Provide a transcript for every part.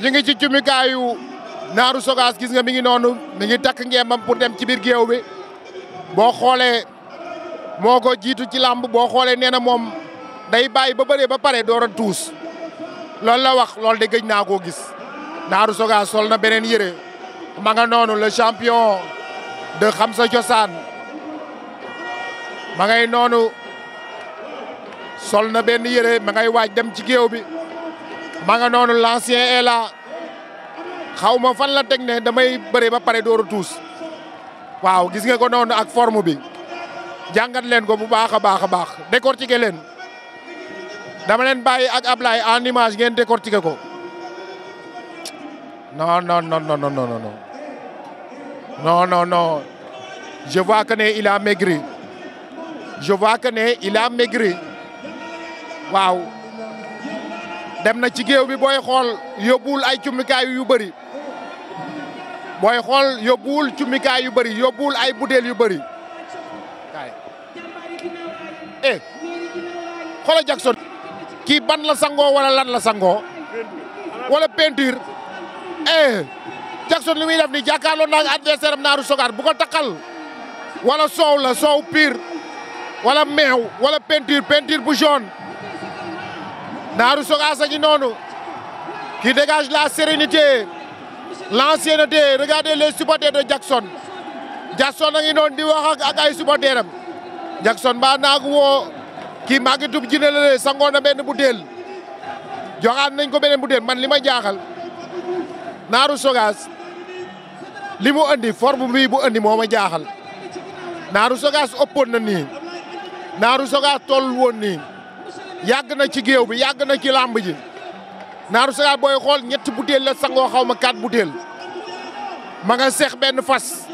ñu ngi ci cumikaayu naaru sogaas gis nga mi ngi noonu mi ngi takk ngembam pour dem ci biir géew bi boo xoolee moo ko jiitu ci làmb boo xoolee nee na moom day bàyyi ba bëree ba pare door a tuus loolu la wax loolu de gëj naa koo gis naaru sogaas sol na beneen yére ma nga noonu la champiyon de xam sa cosaan ma ngay noonu sol na benn yére ma ngay waaj dem ci géew bi ma nga noonu l'ancien est là xaw ma fan la teg ne damay bëre ba pare dooru tuus waaw gis nga ko noonu ak forme bi jàngat leen ko bu baax a baax a baax décortiquer leen dama leen bàyyi ak Ablaye en ngeen décortiquer ko non non non non non non je vois que ne il a maigri. je vois que ne il a maigri waaw dem na ci géew bi booy xool yóbbuwul ay cummikaay yu bëri booy xool yóbbuwul cummikaay yu bëri yóbbuwul ay butéel yu bëri kaay eh xoola Jackson kii ban la sangoo wala lan la sangoo wala peinture eh Jackson li muy def ni jàkkaarloo naa adversaire am naaru sogaar bu ko takkal walla soow la soow piir wala meew wala peinture peinture bu jaune naaru Sogas a ngi noonu qui dégage la sérénité l'ancienneté regardez les supporters de Jackson Jackson a ngi noonu di wax ak ay supporters am Jackson ba naagu woo kii maa ngi tub jine la sangoon na benn butéel nañ ko beneen butéel man li ma jaaxal naaru Sogas li mu andi forme bi bu andi moo ma jaaxal naaru Sogas ëppoon nii naaru Sogas toll woon nii yàgg na ci géew bi yàgg na ci làmb ji Narou Sogas booy xool ñetti butéel la sangoo xaw ma quatre butéel ma nga seex benn fas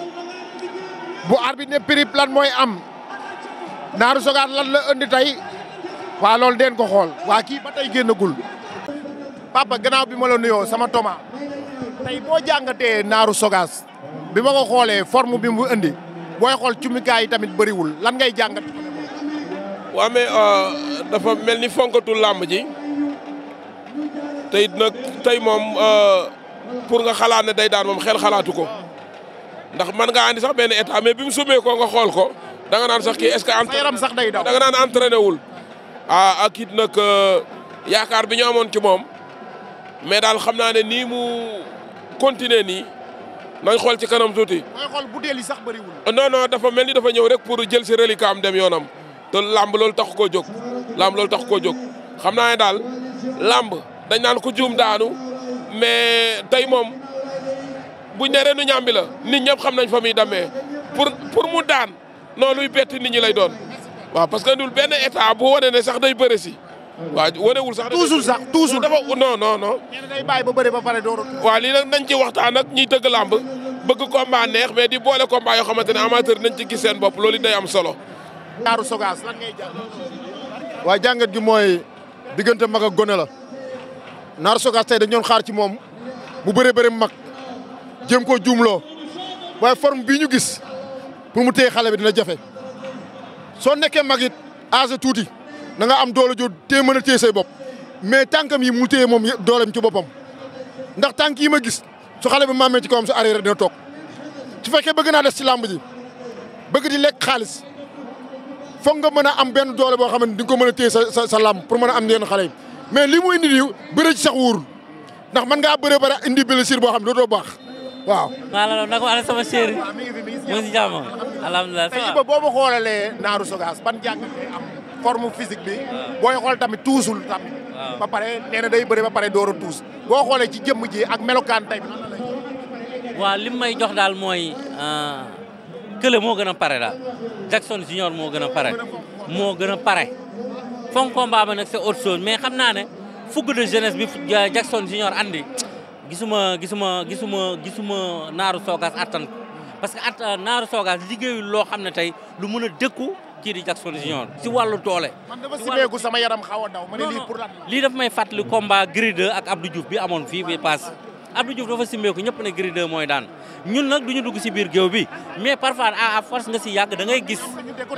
bu bi ne prip lan mooy am Narou Sogas lan la andi tey waa loolu den ko xool waa kii ba tey génnagul. papa gannaaw bi ma la nuyoo sama toma tey boo jàngatee naaru Sogas bi ma ko xoolee forme bi mu indi booy xool cumikaay yi tamit bariwul lan ngay jàngat. waa mais euh, dafa mel ni fonkatul làmb ji te it nag tey moom euh, pour nga xalaat ne day daan moom xel xalaatu ko ndax mën nga andi sax benn état mais bi mu sumee ko nga xool ko danga naan sax ki est-ce que. sa yaram sax day daw danga naan entraîné wul. ah ak it nag euh, yaakaar bi ñu amoon ci moom mais daal xam naa ne nii mu continuer nii nañ xool ci kanam tuuti. mooy xool bu dee li sax bëriwul. non dafa mel ni dafa ñëw rek pour jël si reliquat am dem yoonam. te làmb loolu taxu koo jóg làmb loolu tax koo jóg xam naa ne daal làmb dañ naan ku juum daanu mais tey moom buñ ne reenu ñàmbi la nit ñëpp xam nañ fa muy demee pour pour mu daan noonu luy bett nit ñi lay doon waaw parce que ndul benn état bu wane ne sax day bëre si waaw wanewul sax. tuusul sax tuusul dafa non non non. ñenn day bàyyi ba bëri ba pare door waaw lii nag nañ ci waxtaan ak ñiy tëgg làmb bëgg combat neex mais di boole combat yoo xamante ne amateur nañ ci gis seen bopp loolu day am solo. Daaru Sogaas lan ngay jàng. waaye jàngat gi mooy diggante mag a gone la Naar Sogaas tey dañu doon xaar ci moom mu bëree bëri mag jëm ko juumloo waaye form bii ñu gis pour mu téye xale bi dina jafe soo nekkee mag it âge tuuti na am doole joo téye mën a téye say bopp mais tànkam yi mu téye moom dooleem ci boppam ndax tànk yi ma gis su xale bi maamee ci kawam su arrière dina toog su fekkee bëgg naa des ci làmb ji bëgg di lekk xaalis. foog nga mën a am benn doole boo xam ne di ko mën a téye sa sa sa làmb pour mën a am yenn xale yi mais li mu indi nii bëre ci sax wóorul ndax mën ngaa bëre bare indi blessure boo xam ne dootoo baax waaw. maanaam la ma sama chéri mu ngi si jàmm alhamdulilah. tey Iba boo ma xoolalee Naaru Sogas ban jàngat lay am forme bi. booy xool tamit tuusul tamit. ba pare nee na day bëri ba pare door a tuus boo xoolee ci jëmm ji ak melokaan tey. waaw li may jox daal mooy. Euh, kële moo gën a pare daal Jackson Junior moo gën a pare moo gën a pare fonk combat ba nag c'est autre chose mais xam naa ne fougue de jeunesse bi euh, Jackson Junior andi gisuma gisuma gisuma gisuma naaru soogaas attan ko parce que at euh, naaru soogaas liggéeyul loo xam ne tey lu mën a dëkku kii di Jackson Junior si wàllu doole. man dafa xaw a daw. may fàttali combat Gris ak Abdou Diouf bi amoon fii bi paase. Abdou Diouf dafa simmeeku ñëpp ne Gris mooy daan ñun nag du ñu dugg si biir géew bi mais parfois a à force nga si yàgg da ngay gis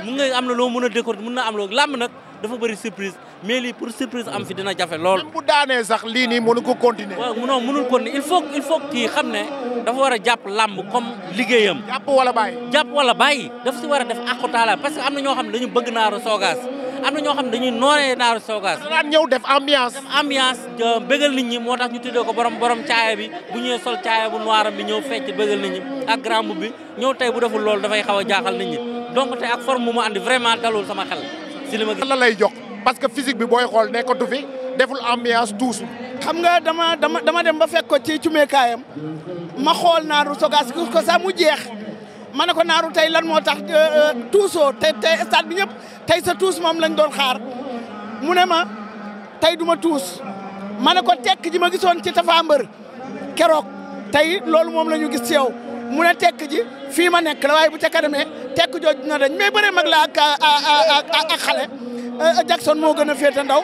mun nga am na loo mun a décor mun na am loo làmb nag dafa bëri surprise mais lii pour surprise am fi dina jafe lool. bu daanee sax lii nii mënu ko continuer. waaw non munul continuer il faut il faut kii xam ne dafa war a jàpp làmb comme liggéeyam. jàpp wala bàyyi. jàpp wala bàyyi daf si war a def àqu taala parce que am na ñoo xam ne dañu bëgg naaru soogaas. am na ñoo xam dañuy nooree naaru Sogas. daan ñëw def ambiance. ambiance bëggal nit ñi moo tax ñu tuddee ko borom borom caaya bi bu ñëwee sol caaya bu bi ñëw fecc bëggal nit ñi ak grand mbubb tey bu deful loolu dafay xaw a jaaxal nit ñi donc tey ak forme bu mu andi vraiment dalul sama xel si li la lay jox parce que physique bi booy xool nekkatu fi deful ambiance tuus. xam nga dama dama dama dem ba fekk ko ci cumeekaayam ma xool naaru Sogas gis ko sax mu ma ne ko naaru tey lan moo tax euh, euh, tuusoo te tey stade bi ñëpp tey sa tuus moom lañ doon xaar mu ne ma tey du ma tuus ma ne ko tekk ji ma gisoon ci Tapha Mbeur keroog tey loolu moom la ñu gis ci yow mu ne tekk ji fii ma nekk la waaye bu ca kanamee tekk jooju na dañ mais bëre mag la ak ak xale euh, Jackson moo gën a féete ndaw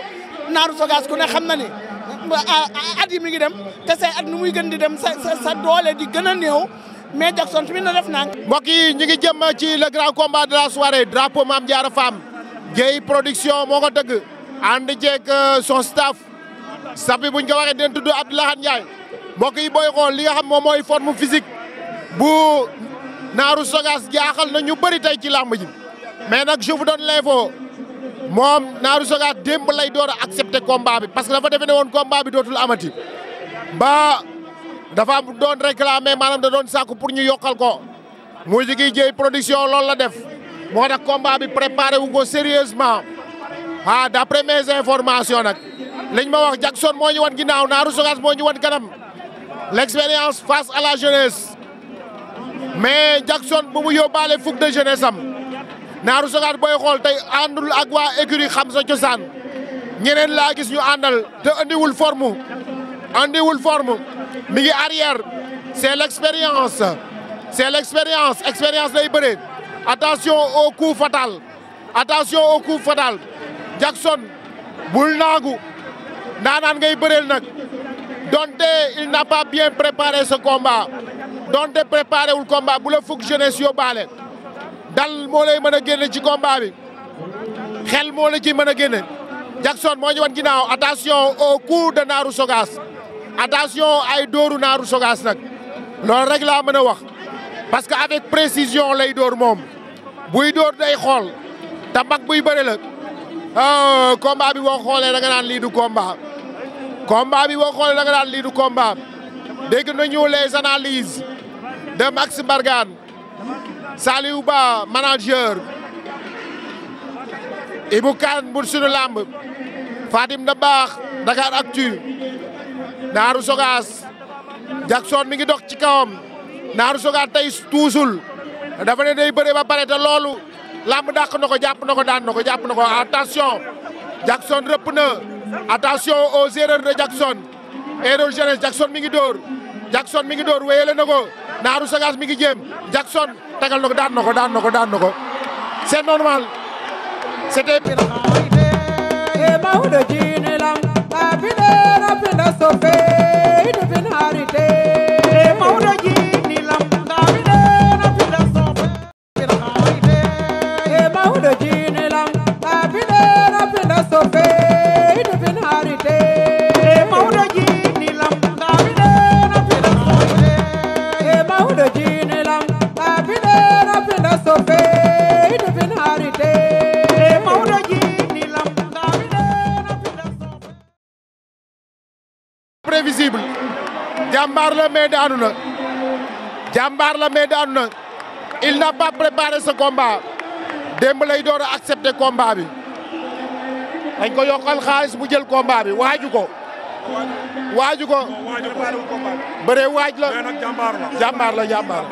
naaru sogaas ku ne xam na ni at yi mi ngi dem te say at nu muy gën di dem sa sa doole di gën a néew mais Jackson tamit na def nang mbokk yi ñu ngi jëm ci le grand combat de la soirée drapeau Mame Diarra Fam Guèye production moo ko dëgg ànd ceeg euh, son staff sabi buñ ko waxee den tudd Abdoulaye Ndiaye mbokk yi booy xool li nga xam moom mooy forme physique bu naaru sogaas jaaxal na ñu bëri tey ci làmb ji mais nag je vous donne l'info moom naaru sogaas démb lay door a accepter combat bi parce que dafa defe ne woon combat bi dootul amati ba dafa doon réclamer maanaam da doon sàkku pour ñu yokkal ko Musique yi Dieye production loolu la def moo tax combat bi préparé wu ko sérieusement ah d'après mes informations nag liñ ma wax Jackson moo ñu wan ginnaaw Naaru Sogas moo ñu wan kanam l'expérience face à la jeunesse mais Jackson bu mu yóbbaale fukk de jeunesse am Naaru Sogas booy xool tey àndul ak waa écurie xam sa cosaan ñeneen laa gis ñu àndal te andiwul forme andiwul forme mi ngi arrière c'est l'expérience c'est l'expérience expérience lay bëree attention au coup fatal attention au coup fatal Jackson bul naagu ndaanaan ngay bëreel nag donte il n'a pas bien préparé ce combat donte préparé wul combat bu la fukk jeunesse yóbbaale dal moo lay mën a génne ci combat bi xel moo la ci mën a génne Jackson moo ñu wan ginnaaw attention au coup de Naaru Sogas attention ay dóoru Naaru Sogas nag loolu rek laa mën a wax parce que avec précision lay dóor moom buy dóor day xool te mag buy bëre la ah combat bi boo xoolee da naan lii du combat combat bi boo xoolee da nga lii du combat dégg nañu les analyses de Max Mbargane Saliou Ba manager. Ibou Kane mbur sunu làmb faatim na baax Dakar Actu Naaru Sogaas Jackson mi ngi dox ci kawam Naaru Sogaas tey tuusul dafa ne day bëre ba pare te loolu làmb dàq na ko jàpp na ko daan na ko jàpp na ko attention Jackson rëpp na attention aux erreurs de Jackson erreur jeunesse Jackson mi ngi dóor Jackson mi ngi dóor wéyale na ko Naaru Sogaas mi ngi jéem Jackson tagal na ko daan na ko daan na ko daan ko normal. c'était eh, Piramal. jàmbaar la mais daanu na jàmbaar la mais daanu na il n'a pas préparé ce combat démb lay door a accepter combat bi dañ ko yokkal xaalis mu jël combat bi waaju ko. waaju ko bëree waaj la jàmbaar la jàmbaar